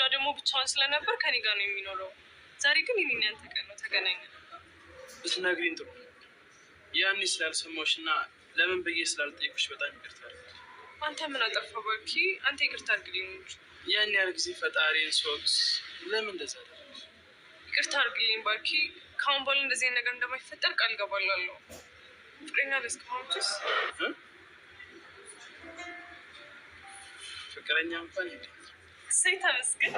ልጇ ደግሞ ብቻዋን ስለነበር ከኔ ጋር ነው የሚኖረው። ዛሬ ግን ይህን ያንተ ቀን ነው፣ ነበር። ብትነግሪኝ ጥሩ። ያኔ ስላልሰማሁሽ እና ለምን ብዬ ስላልጠየኩሽ በጣም ይቅርታ። አንተ ምን አጠፋ? ባኪ አንተ ይቅርታ አድርግልኝ እንጂ ያን ያህል ጊዜ ፈጣሪን ሰወቅስ ለምን እንደዛ አደረግሽ? ይቅርታ አድርግልኝ ባኪ። ከአሁን በኋላ እንደዚህ ነገር እንደማይፈጠር ቃል ገባላለሁ። ፍቅረኛ ለስከማችስ ፍቅረኛ እንኳን እሰይ ተመስገን።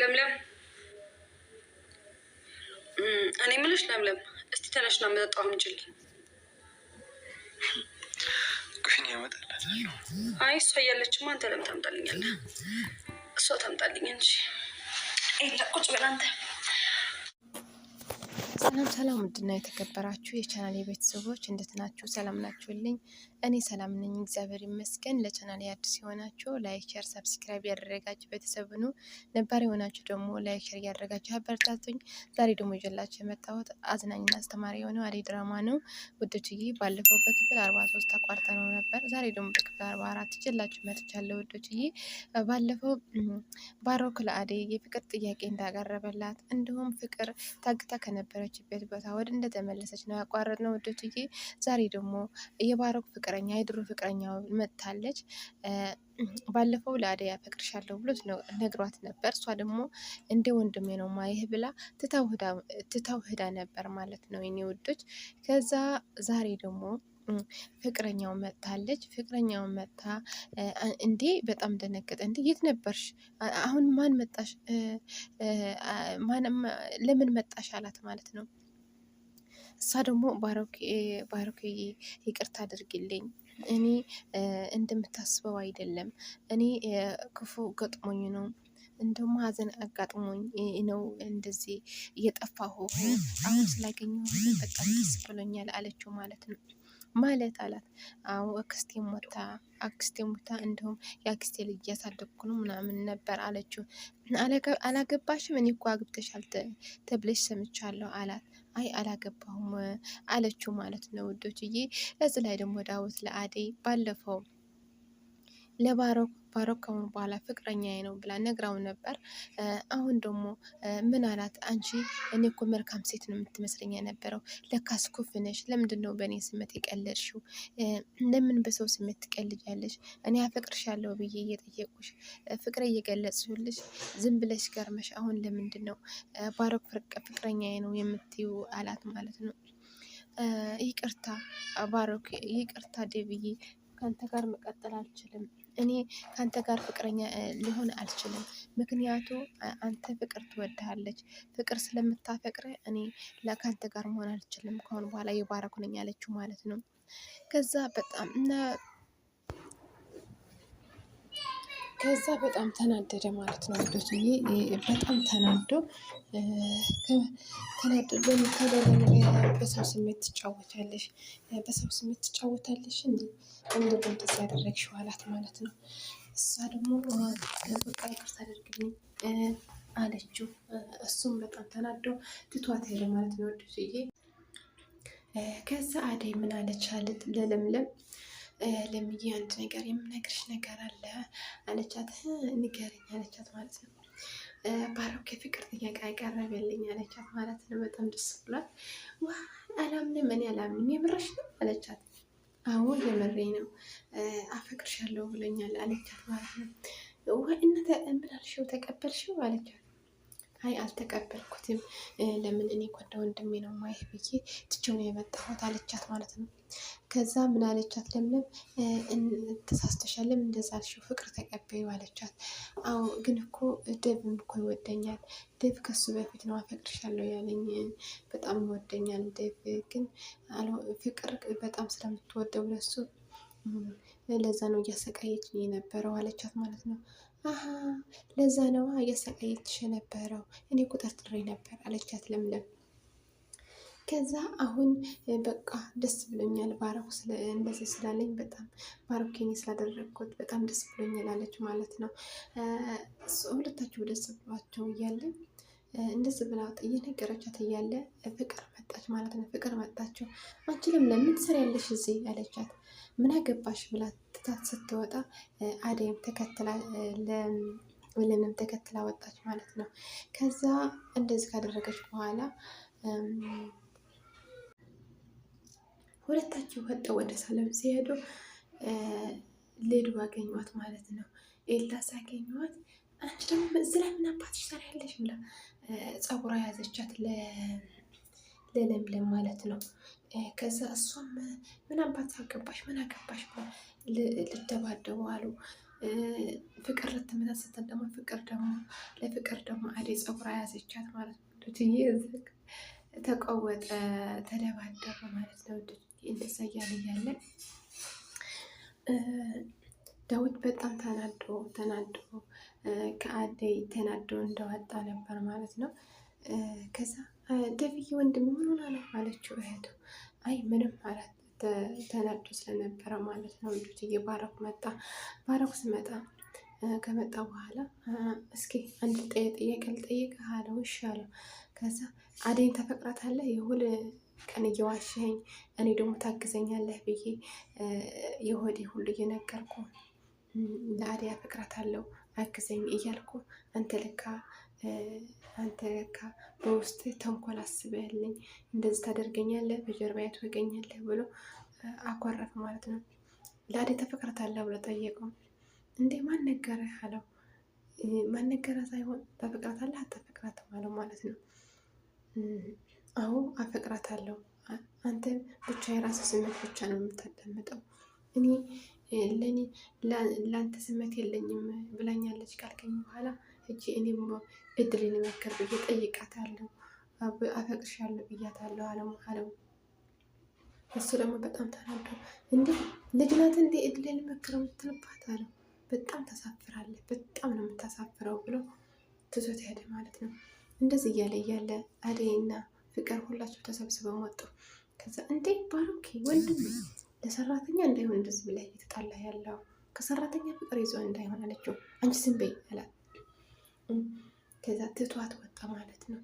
ለምለም እኔ የምልሽ ለምለም፣ እስቲ ተነሽና መጠጣው ምንችል ግን ያመጣላት። አይ እሷ እያለችማ አንተ ለምን ታምጣልኛለህ? እሷ ታምጣልኝ እንጂ escucho delante. ሰላም ሰላም፣ ውድና የተከበራችሁ የቻናል ቤተሰቦች እንዴት ናችሁ? ሰላም ናችሁልኝ? እኔ ሰላም ነኝ፣ እግዚአብሔር ይመስገን። ለቻናል አዲስ የሆናችሁ ላይክ፣ ሸር፣ ሰብስክራይብ ያደረጋችሁ ቤተሰብ ኑ፣ ነባር የሆናችሁ ደግሞ ላይክ፣ ሸር ያደረጋችሁ አበረታቱኝ። ዛሬ ደግሞ ይዤላችሁ የመጣሁት አዝናኝና አስተማሪ የሆነው አደይ ድራማ ነው። ውዶችዬ ባለፈው በክፍል አርባ ሶስት ነው ነበር። ዛሬ ደግሞ በክፍል አርባ አራት ይዤላችሁ መጥቻለሁ። ውዶችዬ ባለፈው ባሮክ ለአደይ የፍቅር ጥያቄ እንዳቀረበላት እንዲሁም ፍቅር ታግታ ከነበረ ወደሆነችበት ቦታ ወደ እንደተመለሰች ነው ያቋረጥ ነው ውዶችዬ። ዛሬ ደግሞ የባሮክ ፍቅረኛ የድሮ ፍቅረኛ መጥታለች። ባለፈው ለአደይ አፈቅርሻለሁ ብሎት ነግሯት ነበር። እሷ ደግሞ እንደ ወንድሜ ነው ማይህ ብላ ትታው ሂዳ ነበር ማለት ነው የኔ ውዶች። ከዛ ዛሬ ደግሞ ፍቅረኛው መጥታለች። ፍቅረኛው መጥታ እንዴ በጣም ደነገጠ። እንዴ የት ነበርሽ? አሁን ማን መጣሽ? ለምን መጣሽ አላት ማለት ነው። እሳ ደግሞ ባሮኬ ይቅርታ አድርግልኝ እኔ እንደምታስበው አይደለም። እኔ ክፉ ገጥሞኝ ነው እንደውም ሐዘን አጋጥሞኝ ነው እንደዚህ እየጠፋሁ አሁን ስላገኘሁ በጣም ደስ ብሎኛል አለችው ማለት ነው። ማለት አላት። አዎ አክስቴ ሞታ አክስቴ ሞታ እንደውም የአክስቴ ልጅ እያሳደግኩ ነው ምናምን ነበር አለችው። አላገባሽም? እኔ እኮ አግብተሻል ተብለሽ ሰምቻለሁ አላት። አይ አላገባሁም አለችው ማለት ነው ውዶችዬ። እዚህ ላይ ደግሞ ዳዊት ለአደይ ባለፈው ለባሮክ ባሮክ ከሆኑ በኋላ ፍቅረኛዬ ነው ብላ ነግራው ነበር። አሁን ደግሞ ምን አላት? አንቺ እኔ እኮ መልካም ሴት ነው የምትመስለኝ የነበረው ለካስ ኩፍነሽ። ለምንድን ነው በእኔ ስሜት የቀለድሽው? ለምን በሰው ስሜት ትቀልጃለሽ? እኔ አፈቅርሻለሁ ብዬ እየጠየቁሽ ፍቅር እየገለጽሁልሽ ዝም ብለሽ ገርመሽ፣ አሁን ለምንድን ነው ባሮክ ፍቅረኛዬ ነው የምትዩ? አላት ማለት ነው። ይቅርታ ባሮክ፣ ይቅርታ ደብዬ ከአንተ ጋር መቀጠል አልችልም፣ እኔ ከአንተ ጋር ፍቅረኛ ሊሆን አልችልም። ምክንያቱ አንተ ፍቅር ትወድሃለች፣ ፍቅር ስለምታፈቅረ እኔ ከአንተ ጋር መሆን አልችልም፣ ከአሁን በኋላ የባረኩ ነኝ አለችው ማለት ነው። ከዛ በጣም እና ከዛ በጣም ተናደደ ማለት ነው ወዶች። በጣም ተናዶ ተናዶ በሰው ስሜት ትጫወታለሽ፣ በሰው ስሜት ትጫወታለሽ እንዲ እንደዚ እንደዚህ ያደረግሽው አላት ማለት ነው። እሷ ደግሞ በቃ ይቅርታ አድርግልኝ አለችው። እሱም በጣም ተናዶ ትቷት ሄደ ማለት ነው ወዶች። ከዛ አደይ ምን አለች ለለምለም ለምዬ አንድ ነገር የምነግርሽ ነገር አለ አለቻት። ንገረኝ አለቻት ማለት ነው። ባሮክ የፍቅር ጥያቄ አቀረበልኝ አለቻት ማለት ነው። በጣም ደስ ብሏት ዋ አላምንም፣ እኔ አላምንም፣ የምረሽ ነው አለቻት። አዎ የምሬ ነው አፈቅርሻለሁ ብሎኛል አለቻት ማለት ነው። እናተ እምብላልሽው ተቀበልሽው አለቻት። አይ አልተቀበልኩትም፣ ለምን እኔ ኮንደ ወንድሜ ነው ማየት ብዬ ትቼው ነው የመጣሁት አለቻት ማለት ነው። ከዛ ምን አለቻት? ለምለም ተሳስተሻለም፣ እንደዛ አልሽው ፍቅር ተቀበዩ አለቻት። አዎ ግን እኮ ደብም እኮ ይወደኛል። ደብ ከሱ በፊት ነው አፈቅርሻለሁ ያለኝ። በጣም ይወደኛል ደብ። ግን ፍቅር በጣም ስለምትወደው ለሱ ለዛ ነው እያሰቃየች የነበረው አለቻት ማለት ነው። አሀ ለዛ ነው እያሰቃየችሽ የነበረው እኔ ቁጥር ጥሬ ነበር አለቻት ለምለም ከዛ አሁን በቃ ደስ ብሎኛል ባረኩ እንደዚህ ስላለኝ በጣም ባረኬን ስላደረግኩት በጣም ደስ ብሎኛል አለች ማለት ነው። ሁለታችሁ ደስ ብሏቸው እያለ እንደዚህ ብላ እየነገረቻት እያለ ፍቅር መጣች ማለት ነው። ፍቅር መጣቸው አንችልም ለምን ትሰሪያለሽ እዚህ አለቻት። ምን አገባሽ ብላ ትታት ስትወጣ አደይም ተከትላ ለምንም ተከትላ ወጣች ማለት ነው። ከዛ እንደዚህ ካደረገች በኋላ ሁለታቸው ወጥተው ወደ ሰላም ሲሄዱ ሌዱ አገኟት ማለት ነው። ኤላ ሲያገኟት አንቺ ደግሞ እዚህ ላይ ምን አባት ትሰሪያለሽ ብላ ፀጉሯ ያዘቻት ለለምለም ማለት ነው። ከዛ እሷም ምን አባት አገባሽ ምን አገባሽ ልደባደቡ አሉ። ፍቅር ልትመሳሰተን ደግሞ ፍቅር ደግሞ ለፍቅር ደግሞ አዴ ፀጉሯ ያዘቻት ማለት ነው። ትዬ ተቆወጠ ተደባደበ ማለት ነው። እንደዛ እያለ እያለ ዳዊት በጣም ተናዶ ተናዶ ከአደይ ተናዶ እንደወጣ ነበር ማለት ነው። ከዛ ደብዬ ወንድም ምን ሆና ነው አለችው እህቱ። አይ ምንም ማለት ተናዶ ስለነበረ ማለት ነው። ልጅዬ ባረኩ መጣ። ባረኩ ስመጣ ከመጣ በኋላ እስኪ አንድ ጥያቄ ልጠይቅህ አለው። እሺ አለው። ከዛ አደይን ተፈቅራታለህ ይሁል ቀን እየዋሸኸኝ እኔ ደግሞ ታግዘኛለህ ብዬ የሆዴ ሁሉ እየነገርኩ ለአዲያ ፍቅራት አለው አግዘኝ እያልኩ አንተ ለካ አንተ ለካ በውስጥ ተንኮል አስበህልኝ እንደዚህ ታደርገኛለህ፣ በጀርባ ያትወገኛለህ ብሎ አኮረፈ ማለት ነው። ለአደይ ተፈቅራታለህ ብሎ ጠየቀው። እንዴ ማን ነገረህ አለው። ማን ነገረህ ሳይሆን ተፈቅራታለህ አታፈቅራትም አለው ማለት ነው። አዎ አፈቅራታለሁ። አንተ ብቻ የራስ ስሜት ብቻ ነው የምታዳምጠው። እኔ ለእኔ ለአንተ ስሜት የለኝም ብላኛለች ካልከኝ በኋላ እጅ እኔም እድል መከር ብዬ ጠይቃታለሁ። አፈቅርሻለሁ ብያታለሁ አለው አለው። እሱ ደግሞ በጣም ተናዶ እንዴ ልጅ ናት እንዴ እድልን መከር የምትልባት አለው። በጣም ታሳፍራለህ፣ በጣም ነው የምታሳፍረው ብሎ ትቶት ሄደ ማለት ነው። እንደዚህ እያለ እያለ አደይና ፍቅር ሁላቸው ተሰብስበው መጡ። ከዛ እንዴ ባሮኬ ወንድም ለሰራተኛ እንዳይሆን እንደዚህ ብላ እየተጣላ ያለው ከሰራተኛ ፍቅር ይዞ እንዳይሆን አለችው። አንቺ ዝም በይ አላት። ከዛ ትቷት ወጣ ማለት ነው።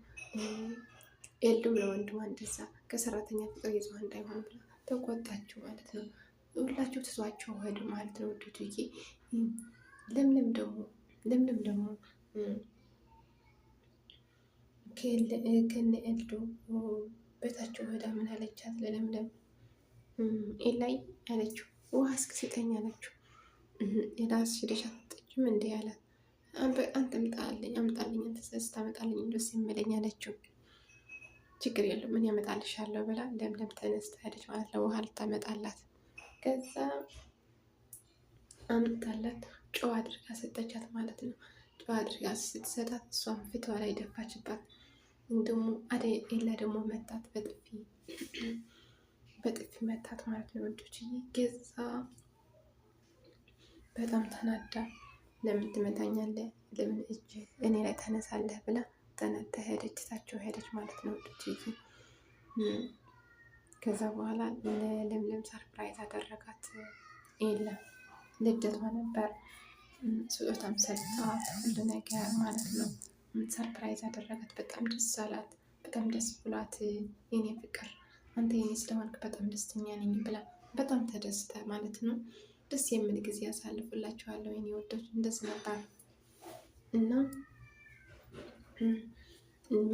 የሉም ለወንድሟ እንደዛ ከሰራተኛ ፍቅር ይዞ እንዳይሆን ብላ ተቆጣችው ማለት ነው። ሁላቸው ትቷቸው ሄዱ ማለት ነው። ውድትዬ ለምንም ደግሞ ለምንም ደግሞ ከነ ኤልዱ በታቸው ወዳ ምን አለቻት ለለምለም ኤላይ አለችው ውሃ እስኪ ስጠኝ አለችው። የራስ ሽደሻ አትጠጭም እንዴ አላት። አንተ ምጣልኝ አምጣልኝ አንተ ታመጣለኝ እንደስ ይመለኝ አለችው። ችግር የለም ምን ያመጣልሻለሁ ብላ ለምለም ተነስታ ሄደች ማለት ነው። ውሃ ልታመጣላት ከዛ አምጣላት ጨው አድርጋ ሰጠቻት ማለት ነው። ጨው አድርጋ ስትሰጣት እሷም ፊቷ ላይ ደፋችባት። ደግሞ አደ ኤላ ደግሞ መታት በጥፊ በጥፊ መታት ማለት ነው። ወንዶች ገዛ በጣም ተናዳ ለምን ትመታኛለህ? ለምን እጅ እኔ ላይ ተነሳለህ? ብላ ተናዳ ሄደች፣ እሳቸው ሄደች ማለት ነው። ወንዶች ከዛ በኋላ ለምለም ሰርፕራይዝ አደረጋት ኤላ ልደቷ ነበር። ስጦታም ሰጣት ሁሉ ነገር ማለት ነው። ሰርፕራይዝ አደረጋት። በጣም ደስ አላት። በጣም ደስ ብሏት የኔ ፍቅር አንተ የኔ ስለሆንክ በጣም ደስተኛ ነኝ ብላ በጣም ተደስተ ማለት ነው። ደስ የሚል ጊዜ ያሳልፍላችኋለሁ የኔ ወዶች። እንደዚህ ነበር እና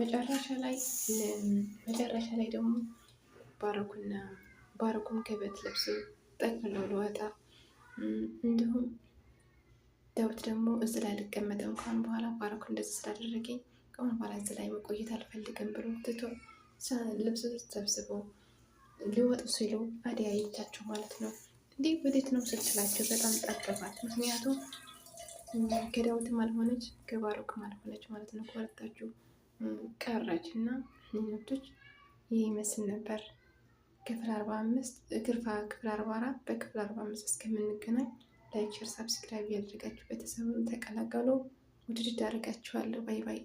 መጨረሻ ላይ መጨረሻ ላይ ደግሞ ባረኩና ባረኩም ከቤት ለብሶ ጠቅልሎ ልወጣ እንዲሁም ብታዩት ደግሞ እዚ ላይ አልቀመጥም። ከአሁን በኋላ ባረኩ እንደዚህ ስላደረገኝ ከአሁን በኋላ እዚ ላይ መቆየት አልፈልግም ብሎ ትቶ ልብስ ሰብስቦ ሊወጡ ሲሉ አደይ አየቻቸው ማለት ነው። እንዲህ ወዴት ነው ስትላቸው በጣም ጠበባት። ምክንያቱም ከዳዊትም አልሆነች ከባሮክም አልሆነች ማለት ነው። ከወረታችሁ ቀረች እና ቶች ይህ ይመስል ነበር። ክፍል አርባ አምስት ክፍል አርባ አራት በክፍል አርባ አምስት እስከምንገናኝ ላይክ፣ ሸር፣ ሳብስክራይብ ያደረጋችሁ ቤተሰብን ተቀላቀሉ። ውድድ አደረጋችኋለሁ። ባይ ባይ።